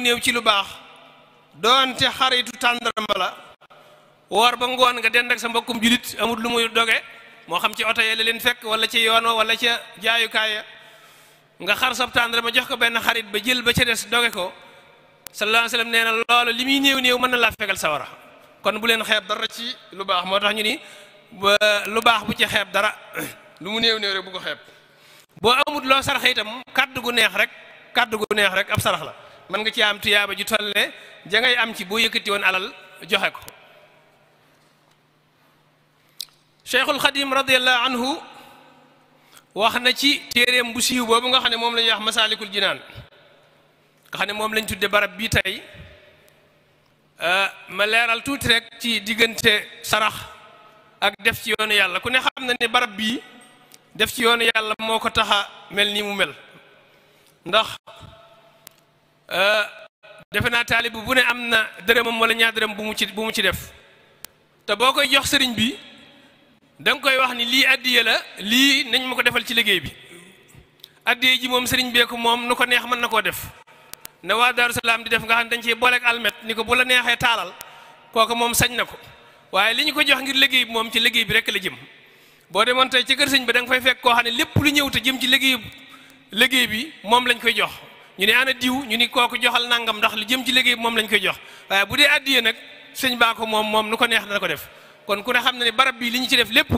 néew néew ci lu baax doonte xaritu tàndarma la woor ba ngoon nga dend ak sa mbokkum julit amul lu muy doge moo xam ci oto ya la leen wala ci yoon wala ca jaayukaay ya nga xar sab tàndarma jox ko benn xarit ba jël ba ca des doge ko sallallahu alayhi wa nee na loolu li muy néew néew mën na laa fegal sawara kon bu leen xeeb dara ci lu baax moo tax ñu ni lu baax bu ci xeeb dara lu mu néew néew rek bu ko xeeb boo amut loo sarax itam kaddu gu neex rek kadd gu neex rek ab sarax la mën nga ci am tuyaaba ju toll ne ja ngay am ci boo yëkkati woon alal joxe ko cheikhul xadim radiallahu anhu wax na ci téeréem bu siiw boobu nga xam ne moom la ñuy wax masaalikul jinaan nga xam ne moom lañ tudde barab bii tey euh, ma leeral tuuti rek ci diggante sarax ak def ci yoonu yàlla ku ne xam na ne barab bii def ci yoonu yàlla moo ko taxa mel ni mu mel ndax Euh, defe naa taalib bu ne am na dërëmam wala ñaar dërëm bu mu ci bu mu ci def te boo koy jox sëriñ bi da koy wax ni lii addiye la lii nañ ma ko defal ci liggéey bi addiye ji moom sëriñ beeku moom nu ko neex mën na koo def na waa Daaru Salaam di def nga xam dañ cee booleeg almet ni ko bu la neexee taalal kooku moom sañ na ko waaye li ñu ko jox ngir liggéey bi moom ci liggéey bi rekk la jëm boo demoon tey ci kër sëñ ba danga nga fay fekk koo xam ne lépp lu ñëw te jëm ci liggéey liggéey bi moom lañ koy jox ñu ne ana diw ñu ni kooku joxal nangam ndax lu jëm ci liggéey moom lañ koy jox waaye bu dee addiye nag sëñ baa ko moom moom nu ko neex dana ko def kon ku ne xam na ne barab bii li ñu ci def lépp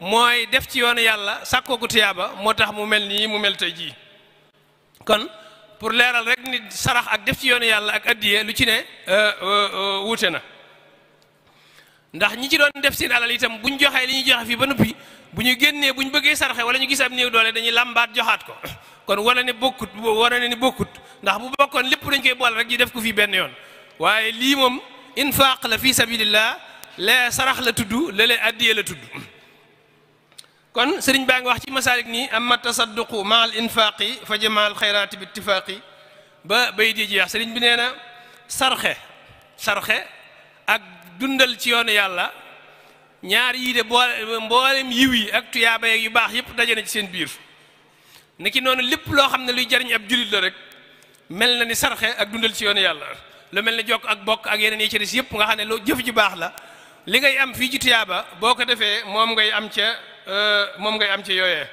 mooy def ci yoonu yàlla sàkkoo ko tiyaaba moo tax mu mel nii mu mel jii kon pour leeral rek ni sarax ak def ci yoonu yàlla ak addiye lu ci ne euh, euh, wuute na ndax ñi ci doon def seen alal itam buñ joxee li ñuy joxe fii ba noppi bu ñu génnee bu ñu bëggee sarxe wala ñu gis ab néew doole dañuy làmbaat joxaat ko kon wala ne bokkut wala ne ni bokkut ndax bu bokkoon lépp dañ koy bol rek ñu def ko fii benn yoon waaye lii moom infaq la fi sabilillah lee sarax la tudd lële addiye la tudd kon sëriñ baa ngi wax ci masaalik nii amma tasadduqu ma al infaqi fa jamaa al xayraati bi ittifaaqi ba bay di jeex sëriñ bi nee na sarxe sarxe ak dundal ci yoonu yàlla ñaar yii de boole mboolem yiw yi ak tuyaaba yeeg yu baax yëpp daje nañ ci seen biir niki noonu lépp loo xam ne luy jariñ ab jullit la rek mel na ni sarxe ak dundal ci yoonu yàlla lu mel ni jokk ak bokk ak yeneen yi ci des yëpp nga xam ne loo jëf ji baax la li ngay am fii ci tuyaaba boo ko defee moom ngay am ca euh, moom ngay am ca yooyee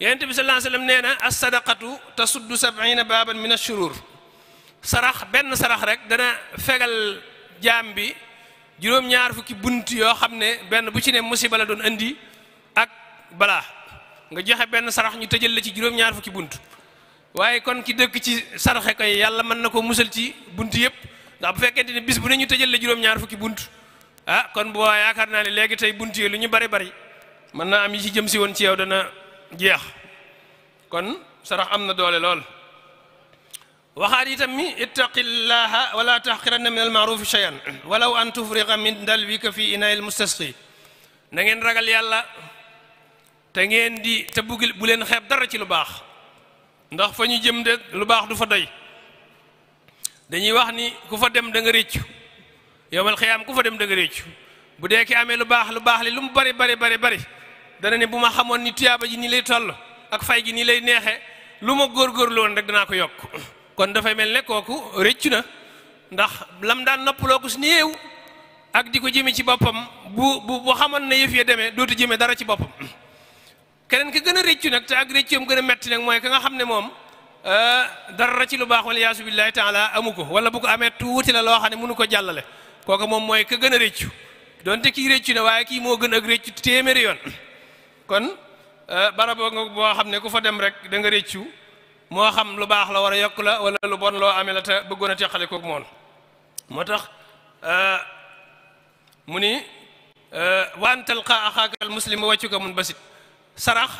yonent bi sallallahu alayhi wasallam nee na as sadaqatu tasuddu sab'ina baaban min ashurur sarax benn sarax rek dana fegal jaam bi juróom-ñaar fukki bunt yoo xam ne benn bu ci ne musiba la doon andi ak balaa nga joxe benn sarax ñu tëjël la ci juróom-ñaar fukki bunt waaye kon ki dëkk ci saraxe koy yàlla mën na ko musal ci bunt yëpp ndax bu fekkente ne bis bu ne ñu tëjal la juróom-ñaar fukki bunt ah kon bu waa yaakaar naa ne léegi tey bunt yi lu ñu bari bari mën naa am yi ci jëm si woon ci yow dana jeex kon sarax am na doole lool waxaat itam mi ittaqillaha wala taxqiranna min almaarufi cheyan walaw an tufriqa min dalwika fi inayil mustasqi na ngeen ragal yàlla te ngeen di te buggi bu leen xeeb dara ci lu baax ndax fa ñu jëm de lu baax du fa doy dañuy wax ni ku fa dem da nga réccu yowmal xiyaam ku fa dem da nga réccu bu dee ki amee lu baax lu baax li lu mu bari bari bari bari dana ne bu ma xamoon ni tuyaaba ji ni lay toll ak fay ji nii lay neexe lu ma góorgóorlu woon rek danaa ko yokk kon dafay mel ne kooku rëccu na ndax lam daan noppaloo ko suñu yeew ak di ko jëme ci boppam bu bu bu xamoon ne yëf ya demee dootu jëme dara ci boppam keneen ki gën a rëccu nag te ak rëccoom gën a metti nag mooy ka nga xam ne moom euh, dara ci lu baax wala yaasu billahi taala amu ko wala bu ko amee tuuti la loo xam ne mënu ko jàllale kooku moom mooy ka gën a rëccu donte kii rëccu na waaye kii moo gën ak rëccu téeméeri yoon kon euh, barab boo xam ne ku fo dem rek da nga rëccu moo xam lu baax la war a yokk la wala lu bon loo amee la te bëggoon a teqale koog moom moo tax euh, mu ni euh, waan talqa axaaka al muslim ko mun basit sarax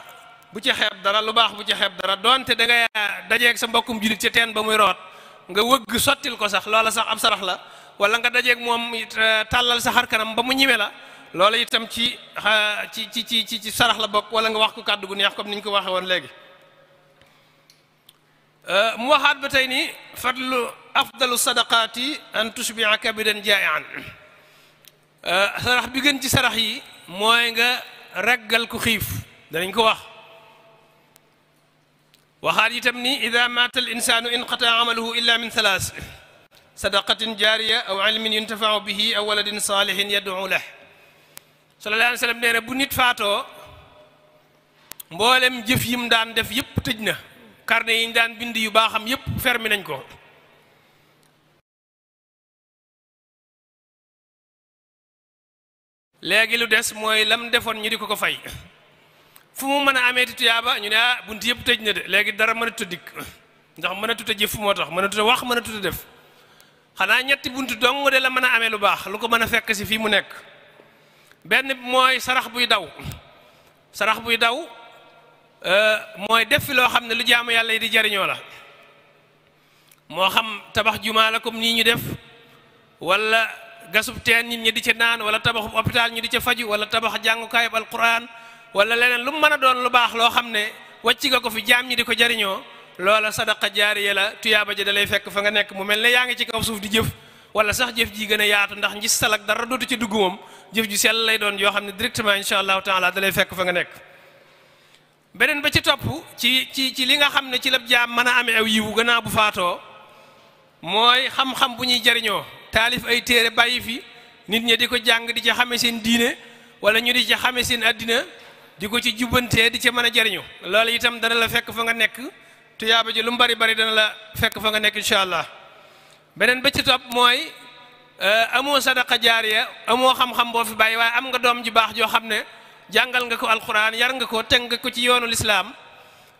bu ci xeeb dara lu baax bu ci xeeb dara donte da ngay dajeeg sa mbokkum julit ci teen ba muy root nga wëgg sottil ko sax loola sax am sarax la wala nga dajeek moom euh, tàllal sa xar kanam ba mu ñime la loola itam ci ci ci ci ci sarax la bokk wala nga wax ko kàddu gu neex comme niñ ko waxee woon léegi Euh, mu waxaat ba tey nii fadlu afdalu sadaqaati an tushbia kabidan jaaian euh, sarax bi gën ci sarax yi mooy nga raggal ku xiif danañ ko wax waxaat itam ni ida maata al insaanu inqata amaluhu illa min thalaas sadaqatin jaariya aw ilmin yuntafau bihi aw waladin saalihin yaduu lah sallallahu alayhi wa sallam nee bu nit faatoo mboolem jëf yim daan def yëpp tëj na carnet yi ñu daan bind yu baaxam yépp fermé nañ ko léegi lu des mooy lam defoon ñu di ko ko fay fu mu mën a amee ti tuyaaba ñu ne ah bunt yëpp tëj na de léegi dara mën a tuddik ndax mën a tuta jëf moo tax mën a tuta wax mën a tuta def xanaa ñetti bunt dong de la mën a amee lu baax lu ko mën a fekk si fii mu nekk benn mooy sarax buy daw sarax buy daw Euh, mooy def fi loo xam ne lu jaamu yàlla yi di jariñoo la moo xam tabax jumaa la comme nii ñu def wala gasub teen nit ñi di ca naan wala tabaxub hôpital ñu di ce faju wala tabax jàngukaayub alquran wala leneen lu mën a doon lu baax loo xam ne wàcc nga ko fi jaam ñi di ko jariñoo loola sadaqa jaariya la tuyaaba ji da lay fekk fa nga nekk mu mel ne yaa ngi ci kaw suuf di jëf wala sax jëf ji gën a yaatu ndax ngis salak dara dootu ci dugg moom jëf ju sell lay yoo xam ne directement incha allahu taala lay fekk fa nga nekk beneen ba ci topp ci ci ci li nga xam ne ci la jaam mën a amee aw yiwu ganaa bu faatoo mooy xam-xam bu ñuy jariñoo taalif ay téere bàyyi fi nit ñi di ko jàng di ci xame seen diine wala ñu di ci xame seen àddina di ko ci jubbantee di ci mën a jariñu loolu itam dana la fekk fa nga nekk tuyaaba ji lu mu bari bari dana la fekk fa nga nekk incha allah beneen ba ci topp mooy euh, amoo sadaqa jaariya amoo xam-xam boo fi bàyyi waaye am nga doom ji baax joo xam ne jàngal nga ko alxuraan yar nga ko teg nga ko ci yoonu lislaam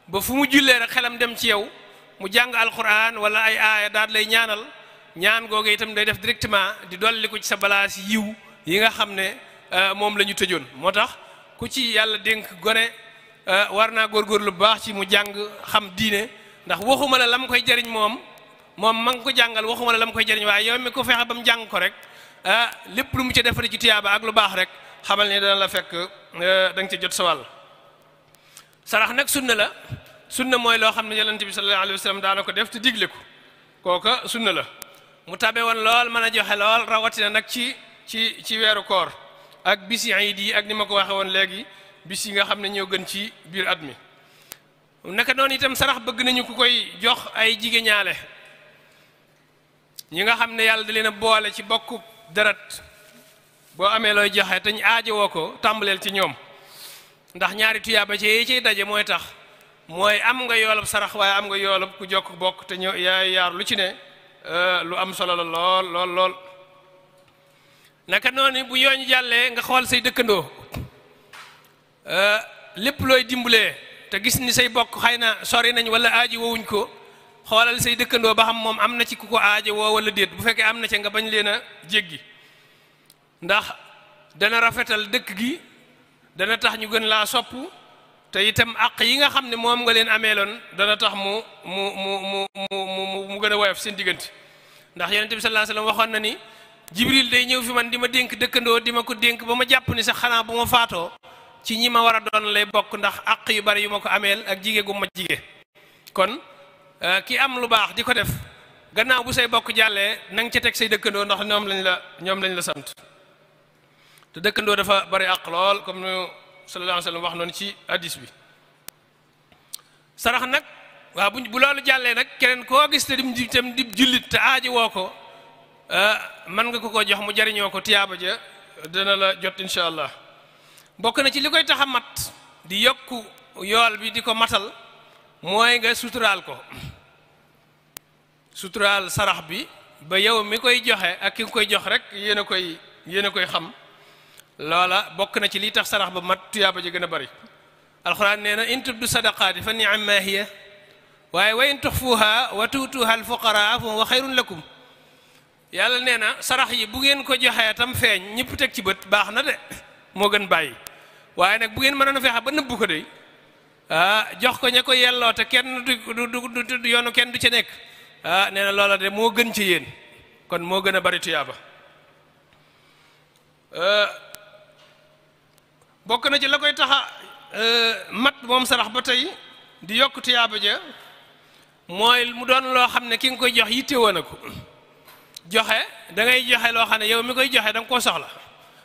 ba fu mu jullee rek xelam dem ci yow mu jàng alxuraan wala ay aaya daal lay ñaanal ñaan googu itam day def directement di dolli ko ci sa balaas yiw yi nga xam ne euh, moom la ñu tëjoon moo tax ku ci yàlla dénk gone euh, war naa góor góorgóorlu lu baax ci mu jàng xam diine ndax waxuma la lam koy jariñ moom moom man ko jàngal waxuma la lam koy jariñ waaye yow mi ko fexe ba mu jàng ko rek euh, lépp lu mu ci defari ci tuyaaba ak lu baax rek xamal ne dana la fekk da nga jot sa wàll sarax nag sunna la sunna mooy loo xam ne yonent bi sallallahu alayhi wa sallam daana ko def te digle ko kooka sunna la mu tabe woon lool mën a joxe lool rawatina nag ci ci ci weeru koor ak bisi iid yi ak ni ma ko waxe woon léegi bis yi nga xam ne ñoo gën ci biir at mi naka noonu itam sarax bëgg nañu ku koy jox ay jigéen ñaale ñi nga xam ne yàlla da leen a boole ci bokku deret boo amee looy joxe te ñu woo ko tàmbaleel ci ñoom ndax ñaari tuyaaba ci yi ciy daje mooy tax mooy am nga yoolab sarax waaye am nga yoolab ku jokk bokk te ñoo yaay yaar lu ci ne euh, lu am solo la lool lool lool naka noonu bu yooñ jàllee nga xool say dëkkandoo euh, lépp looy dimbalee te gis ni say bokk xëy na sori nañ wala aaji wowuñ ko xoolal say dëkkandoo ba xam moom am na ci ku ko aaje woo wala déet bu fekkee am na ci nga bañ leen a jéggi ndax dana rafetal dëkk gi dana tax ñu gën laa sopp te itam àq yi nga xam ne moom nga leen ameeloon dana tax mu mu mu mu mu mu gën a woyof seen diggante ndax yonent bi sallallahu alayhi waxoon na ni jibril day ñëw fi man di ma dénk dëkkandoo di ma ko dénk ba ma jàpp ni sax xanaa bu ma faatoo ci ñi ma war a doon lay bokk ndax àq yu bari yu ma ko ameel ak jige gu ma jige kon euh, ki am lu baax di ko def gannaaw bu say bokk jàllee na nga ca teg say dëkkandoo ndax ñoom lañ la ñoom lañ la sant te dëkkandoo dafa bari àq lool comme nu sallallahu alayhi wax noonu ci hadis bi sarax nag waaw bu bu loolu jàllee nag keneen koo gis te dim tam dib jullit te aaji woo ko ah, man nga ko ko jox mu jariñoo ko tiyaaba ja dana la jot incha allah bokk na ci li koy tax mat di yokku yool bi di ko matal mooy nga suturaal ko suturaal sarax bi ba yow mi koy joxe ak ki nga koy jox rek yéen a koy yéen a koy xam loola bokk na ci lii tax sarax ba mat tuyaaba ji gën a bari alxuraan nee na in tubdu sadaqaati fa ni'ammaa hiya waaye wa in tuxfuha wa tuutuha alfuqaraa fa huwa xayrun lakum yàlla nee na sarax yi bu ngeen ko joxee tam feeñ ñëpp teg ci bët baax na de moo gën bàyyi waaye nag bu ngeen mënoon a fexe ba nëbbu ko de ah jox ko ña ko yelloo te kenn du du yoonu kenn du ca nekk ah nee loola de moo gën ci yéen kon moo gën a bari tuyaaba eh, bokk na ci la koy taxa euh, mat moom sarax ba tey di yokk tuyaaba ja mooy mu doon loo xam ne ki nga koy jox yitte woon na ko joxe da ngay joxe loo xam ne yow mi koy joxe da nga koo soxla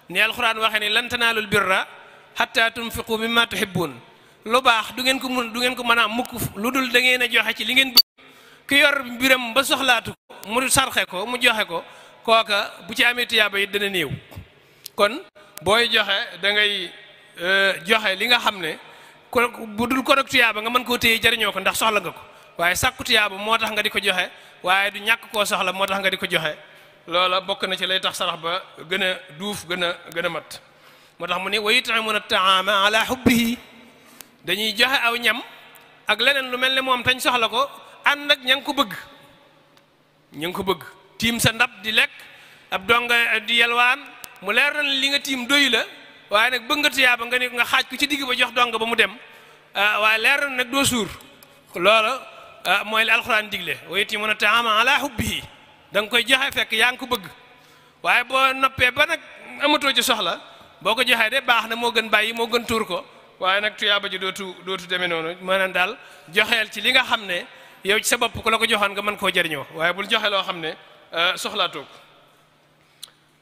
ni alxuraan waxee ni lan tanaalul birra hatta tunfiqu mimma tuhibbun lu baax du ngeen ko mun du ngeen ko mën a mukk lu dul da ngeen a joxe ci li ngeen bëgg ki yor mbiram ba soxlaatu ko mu sarxe ko mu joxe ko kooka bu ci amee tuyaaba yi dana néew kon booy joxe da Euh, joxe li nga xam ne bu dul ko rek tuyaaba nga mën koo téye jariñoo ko ndax soxla nga ko waaye sàkku tuyaaba moo tax nga di ko joxe waaye du ñàkk koo soxla moo tax nga di ko joxe loola bokk na ci lay tax sarax ba gën a duuf gën a gën a mat moo tax mu ne wa yut'imuna taama ala hubbihi dañuy joxe aw ñam ak leneen lu mel ne moom tañ soxla ko ànd ak ña ngi ko bëgg ña ngi ko bëgg tiim sa ndab di lekk ab donga di yelwaan mu leer na li nga tiim doy la waaye nag bëgg nga tuyaaba nga ne nga xaaj ko ci digg ba jox dong ba mu dem ah, waaye leer na nag doo suur loola ah, mooy li alxuraan digle wa yutiimuuna taama ala hubbihi da nga koy joxe fekk yaa ngi ko bëgg waaye boo noppee ba nag amatoo ci soxla boo ko joxee de baax na moo gën bàyyi moo gën tuur ko waaye nag tuyaaba ji dootu dootu demee noonu maanaam daal joxeel ci li nga xam ne yow ci sa bopp ku la ko joxoon nga mën koo jëriñoo waaye bul joxe loo xam ne ah, soxlaatoo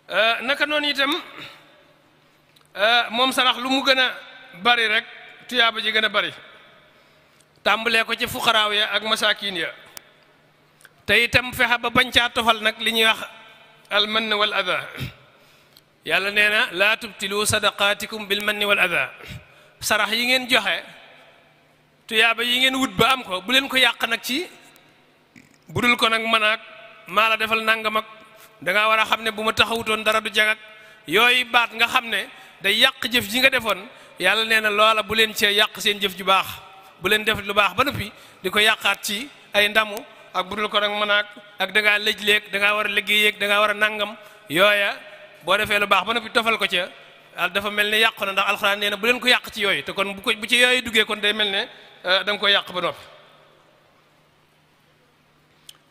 ko naka noonu Euh, moom sarax lu mu gën a bari rek tuyaaba ji gën a bari tàmbalee ko ci fuqaraaw ya ak masaakiin ya te itam fexe ba bañ caa tofal nag li ñuy wax almann wal ada yàlla nee na laa tubtilu sadaqaatikum bil manni wal ada sarax yi ngeen joxe tuyaaba yi ngeen wut ba am ko bu leen ko yàq nag ci budul ko nag man ak maa la defal nangam ak da war a xam ne bu ma taxawutoon dara du jag yooyu baat nga xam ne day yàq jëf ji nga defoon yàlla nee na loola bu leen cee yàq seen jëf ju baax bu leen def lu baax ba noppi di ko yàqaat ci ay ndamu ak budul ko nag manaak ak da ngaa lëj léeg da ngaa war a liggéey da ngaa war a nàngam yooya boo defee lu baax ba noppi tofal ko ca dafa mel ne yàq na ndax alxuraan nee na bu leen ko yàq ci yooyu te kon bu ko bu ci yooyu duggee kon day mel ne eh, danga nga koy yàq ba noppi.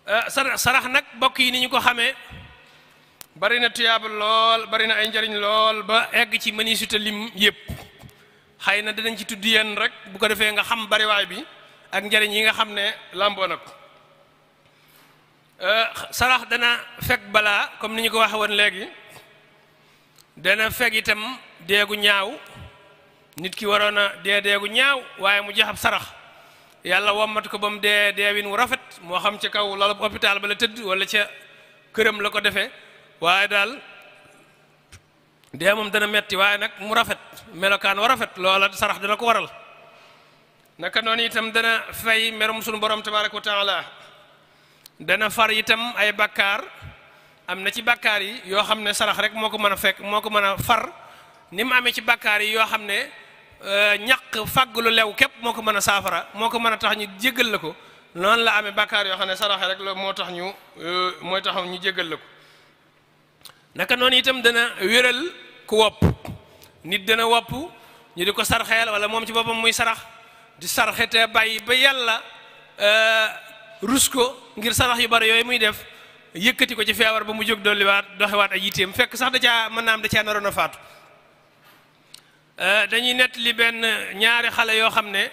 Eh, sarax nag mbokk yi ni ñu ko xamee. bari na tuyaaba lool bari na ay njariñ lool ba egg ci mëni suta lim yëpp xëy na danañ ci tudd yenn rek bu ko defee nga xam bariwaay bi ak njariñ yi nga xam ne làmboo na ko euh, sarax dana fekk balaa comme ni ñu ko waxee woon léegi dana fekk itam deegu ñaaw nit ki waroon a dee deegu ñaaw waaye mu jox ab sarax yàlla wommat ko ba mu dee deewin wu rafet moo xam ca kaw lalu hôpital ba la tëdd wala ca këram la ko defee waaye daal dee moom dana metti waaye nag mu rafet melokaan wa rafet loola sarax dana ko waral naka noonu itam dana fay merum sunu borom tabaraka wa taala dana far itam ay bakkaar am na ci bakkaar yi yoo xam ne sarax rek moo ko mën a fekk moo ko mën a far ni mu amee ci bakkaar yi yoo xam ne euh, ñaq fàgg lu lew képp moo ko mën a saafara moo ko mën a tax ñu jéggal la ko noonu la amee bakkaar yoo xam ne sarax rek la moo tax ñu euh, mooy tax ñu jéggal la ko naka noonu itam dana wéral ku wopp nit dana wopp ñu di ko sarxeel wala moom ci boppam muy sarax di sarxe te bàyyi ba yàlla euh, rus ko ngir sarax yu bari yooyu muy def yëkkati ko ci feebar ba mu jóg dolliwaat doxewaat ay yitteem fekk sax da caa mën naam da caa naroon a faatu euh, dañuy nett li benn ñaari xale yoo xam ne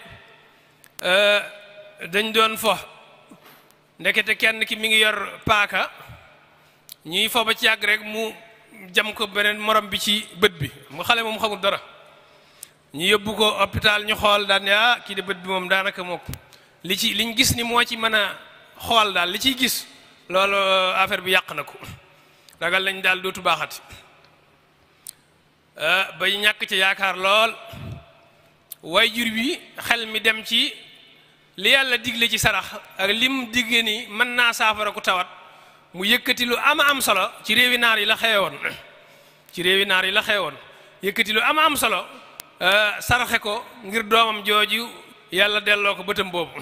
euh, dañ doon fo ndekete kenn ki mi ngi yor paaka ñuy foo ba ci yàgg rek mu jam ko beneen morom bi ci bët bi mu xale moom xamul dara ñu yóbbu ko hôpital ñu xool daal ne ah, kii di bët bi moom daanaka mook li ci liñ gis ni moo ci mën a xool daal li ciy gis loolu euh, affaire bi yàq na ko ragal lañ daal dootu baaxati euh, ba ñu ñàkk ci yaakaar lool way jur bi xel mi dem ci li yàlla digle ci sarax ak lim digle ni mën naa saafara ku tawat mu yëkkati lu am am solo ci réewi naar yi la xewe woon ci réewi la xewe woon yëkkati lu am am solo euh, sarxe ko ngir doomam jooju yàlla delloo ko bëtam boobu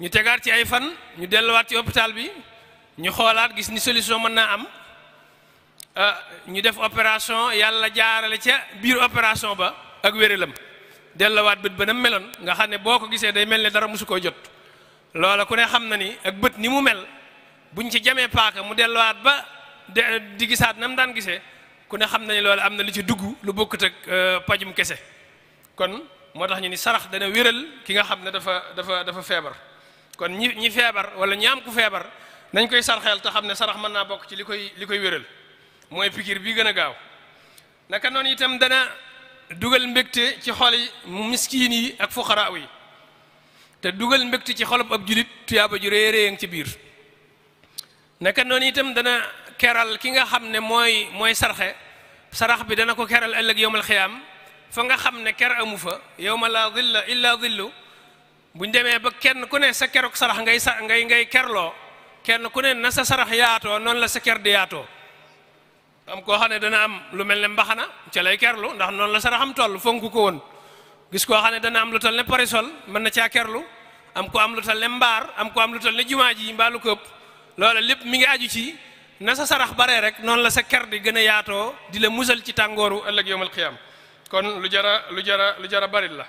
ñu tegaat ci ay fan ñu delluwaat ci hôpital bi ñu xoolaat gis ni solution mën naa am euh, ñu def opération yàlla jaarale ca biir opération ba ak wéralam delluwaat bët ba na meloon nga xam ne boo ko gisee day mel ne dara mosu koo jot loola ku ne xam na ni ak bët ni mu mel buñ ci jamee paaka mu delluwaat ba di gisaat nam daan gisee ku ne xam nañ loolu am na lu ci dugg lu bokkut ak euh, pajum kese kon moo tax ñu ni sarax dana wéral ki nga xam ne dafa dafa dafa feebar kon ñi ñi feebar wala ñi ku feebar nañ koy sarxeel te xam ne sarax mën naa bokk ci li koy li koy wéral mooy pikir bii gën a gaaw naka noonu itam dana dugal mbégte ci xol yi ak fuqaraaw yi dugal mbégte ci xolub ab julit tuyaaba ju réeréyang ci biir naka noonu itam dana keral ki nga xam ne mooy mooy sarxe sarax bi dana ko keral ëllëg yowmal xiyaam fa nga xam ne ker amu fa yowma laa dilla illaa dillu buñ demee ba kenn ku ne sa keroog sarax ngay sa ngay ngay kerloo kenn ku ne na sa sarax yaatoo noonu la sa ker di yaatoo am koo xam ne dana am lu mel ne mbaxana ca lay kerlu ndax noonu la saraxam toll fonk ko woon gis koo xam ne dana am lu toll ne parisol mën na caa kerlu am ko am lu toll ne mbaar am ko am lu toll ne jumaa ji mbaalu këpp loola lépp mi ngi aju ci na sa sarax baree rek noonu la sa ker di gën a yaatoo di la musal ci tàngooru ëllëg yowmal xiyaam kon lu jara lu jara lu jara baril la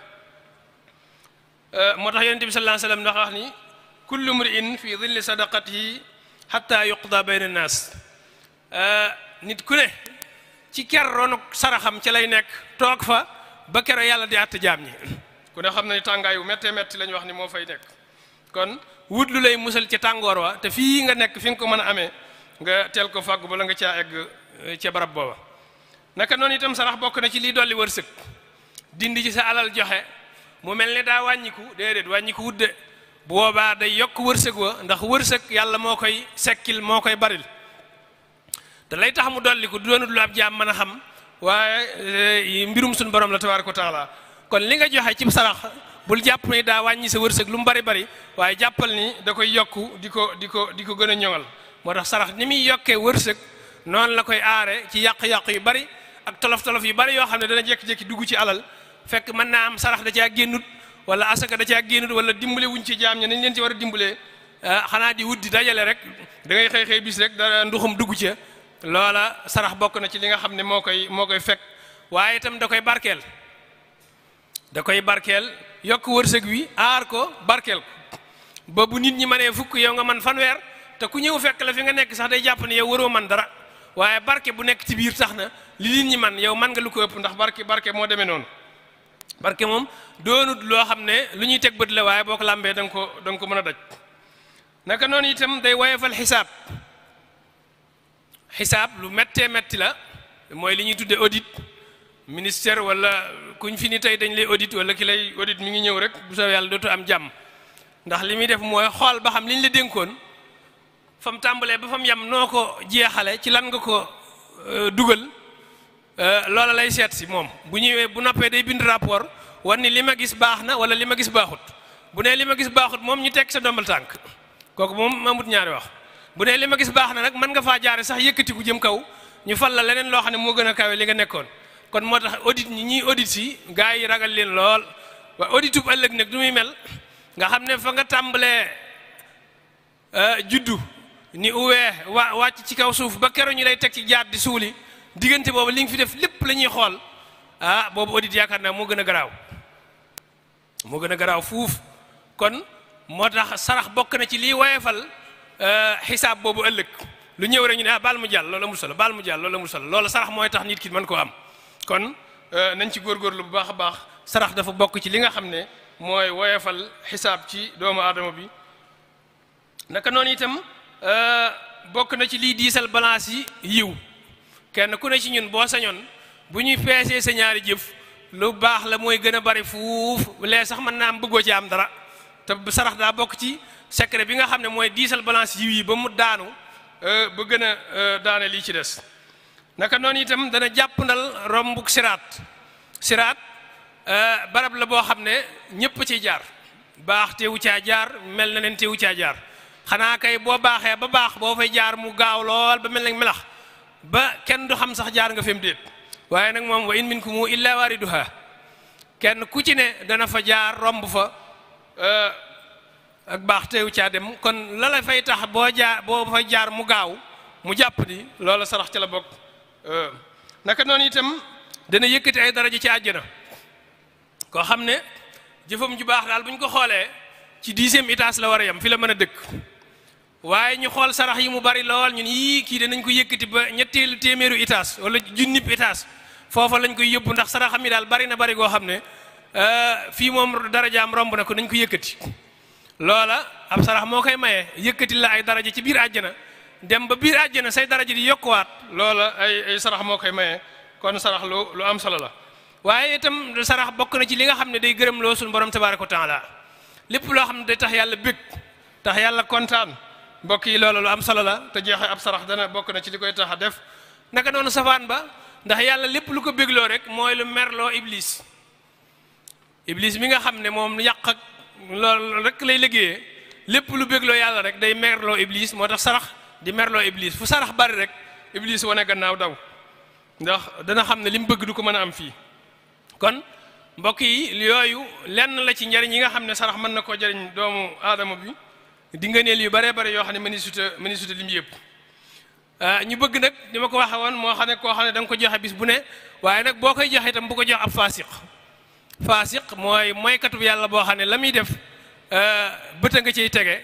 euh, moo tax yonent bi sallallahu alayhi wasallam ndax wax ni kullu mri'in fi dhilli sadaqatihi hatta yuqda bayna naas euh, nit ku ne ci ker roonu saraxam ci lay nekk toog fa ba kero yàlla di àtt jaam ñi ku ne xam na ni tàngaay wu méttee métti la wax ni moo fay nekk kon wut lu lay musal ca tàngoor wa te fii nga nekk fi nga ko mën a amee nga teel ko fàggu bala nga caa egg eh, ca barab booba naka noonu itam sarax bokk na ci liy dolli wërsëg dindi ci sa alal joxe mu mel ne daa wàññiku déedéet wàññiku wut de bu boobaa day yokk wërsëg wa ndax wërsëg yàlla moo koy sekkil moo koy baril te lay tax mu dolli dolliku du doonut lu ab jaam mën a xam waaye eh, mbirum suñu borom la tabaaraka wa taala kon li nga joxe ci sarax bul jàpp ni daa wàññi sa wërsëg lu mu bari bari waaye jàppal ni da koy yokku di ko di ko di ko gën a ñoŋal moo tax sarax ni muy yokkee wërsëg noonu la koy aare ci yàq-yàq yu bari ak tolof-tolof yu bari yoo xam ne dana jékki-jékki dugg ci alal fekk mën naa am sarax da caa génnut wala asaka da caa génnut wala dimbale wuñ ci jaam ña nañ leen ci war a dimbalee ah, xanaa di wut di dajale rek da ngay xëy xëy bis rek dara nduxum dugg ca loola sarax bokk na ci li nga xam ne moo koy moo koy fekk waaye itam da koy barkeel da koy barkeel yokk wërsëg wi aar ko barkeel ko ba bu nit ñi mënee fukk yow nga man fanweer te ku ñëw fekk la fi nga nekk sax day jàpp ne yow waroo man dara waaye barke bu nekk ci biir tax na li nit ñi man yow man nga lu ko ëpp ndax barke barke moo demee noonu barke moom doonut loo xam ne lu ñuy teg bët la waaye boo ko làmbee da nga ko da ko mën a daj naka noonu itam day woyefal xisaab xisaab lu mette métti la mooy li ñuy tudde audit ministère wala kuñ fi ni tey dañ lay audit wala ki lay audit mi ngi ñëw rek bu sa yàlla dootu am jàmm ndax li muy def mooy xool ba xam ñu la dénkoon fa tàmbalee ba fa mu yem noo ko jeexale ci lan nga ko euh, dugal euh, loola lay seet si moom bu ñëwee bu noppee day bind rapport wan ni li ma gis baax na wala li ma gis baaxut bu nee li ma gis baaxut moom ñu teg sa dombal tànk kooku moom amut ñaari wax bu nee li ma gis baax na nag mën nga faa jaare sax yëkkatiku jëm kaw ñu fal la leneen loo xam ne moo gën a kawe li nga nekkoon kon moo tax audit ñi ñuy audit si gars yi ragal leen lool waaye audit bu ëllëg nag du muy mel nga xam ne fa nga tàmbalee euh, juddu ni uwee wàcc ci kaw suuf ba keroog ñu lay teg ci jaar di suuli diggante boobu li nga fi def lépp la ñuy xool ah boobu audit yaakaar ne moo gën a garaaw moo gën a garaaw fuuf kon moo tax sarax bokk na ci lii woyefal euh, xisaab boobu ëllëg lu ñëw rek ñu ne ah baal mu jàll loolu amul solo baal mu jàll loolu amul solo loolu sarax mooy tax nit ki mën koo am kon euh, nañ ci góorgóorlu lu baax a baax sarax dafa bokk ci li nga xam ne mooy woyafal xisaab ci doomu aadama bi naka noonu itam euh, bokk na ci lii diisal balance yi yiw kenn ku ne ci ñun boo sañoon bu ñuy peesee sa ñaari jëf lu baax la mooy gën a bari fuuf lee sax mën naa am bëggoo ci am dara te sarax daa bokk ci secret bi nga xam ne mooy diisal balance yiw yi ba mu daanu euh, ba gën a daane lii ci des naka noonu itam dana jàpp ndal rombuk siraat siraat euh, barab la boo xam ne ñëpp ciy jaar baax teewu caa jaar mel na leen teewu caa jaar xanaa kay boo baaxee ba baax boo fay jaar mu gaaw lool ba mel nañ melax ba kenn du xam sax jaar nga fi mu déet waaye nag moom wa in minkum du waariduha kenn ku ci ne dana fa jaar romb fa euh, ak baax teewu caa dem kon la fay tax boo jaar boo fay jaar mu gaaw mu jàpp ni loola sarax ci la bokk Euh, naka noonu itam dana yëkkati ay daraja ci àjjana koo xam ne jëfam ju baax daal bu ñu ko xoolee ci dixième étage la war a yem fi la mën a dëkk waaye ñu xool sarax yi mu bari lool ñun yii kii danañ ko yëkkati ba ñetti téeméeru étage wala junnib étage foofa lañ koy yóbbu ndax saraxam yi daal bari na bari goo xam ne euh, fii moom darajaam romb na ko nañ ko yëkkati loola ab sarax moo koy maye yëkkati la ay daraja ci biir àjjana dem ba biir na sey daraja di yokk waat loola ay ay sarax moo koy maye kon sarax lu lu am solo la waaye itam sarax bokk na ci li nga xam ne day gërëm loo suñu borom tabaaraka ko taala lépp loo xam ne day tax yàlla bég tax yàlla kontaan mbokk yi loola lu am solo la te jeexe ab sarax dana bokk na ci li koy tax a def naka noonu safaan ba ndax yàlla lépp lu ko bégloo rek mooy lu merloo iblis iblis mi nga xam ne moom yàq ak loolu rek lay liggéeyee lépp lu bégloo yàlla rek day merloo iblis moo tax sarax di merloo iblis fu sarax bari rek iblis wane gannaaw daw ndax dana xam ne li mu bëgg du ko mën a am fii kon mbokk yi yooyu lenn la ci njariñ yi nga xam ne sarax mën na koo jariñ doomu aadama bi di nga neel yu baree bare yoo xam ne mëni suta mëni suta lim yëpp ah, ñu bëgg nag ni ma ko waxee woon moo xam ne koo xam ne da nga ko joxe bis bu ne waaye nag boo koy joxe tam bu ko jox ab faasiq faasiq mooy moykatu yàlla boo xam ne la muy def ah, bëta nga ciy tege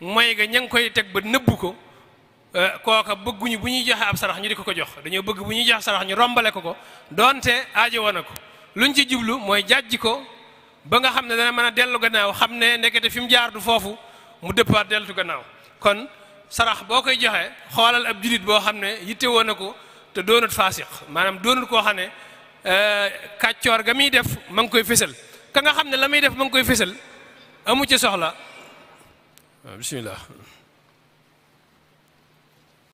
mooy nga ña ngi koy teg ba nëbbu ko Euh, kooka bëgguñu bu ñuy joxe ab sarax ñu di ko ko jox dañoo bëgg bu ñuy joxe sarax ñu rombale ko ko donte aajo woon na ko luñ ci jublu mooy jàjj ko ba nga xam ne dana mën a dellu gannaaw xam ne nekkete fi mu jaar du foofu mu dëppaat deltu gannaaw kon sarax boo koy joxe xoolal ab julit boo xam ne yitte woon na ko te doonut siq maanaam doonut koo xam ne euh, kàccoor ga muy def ma ngi koy fésal ka nga xam ne la muy def ma ngi koy fésal amu ci soxla bismillah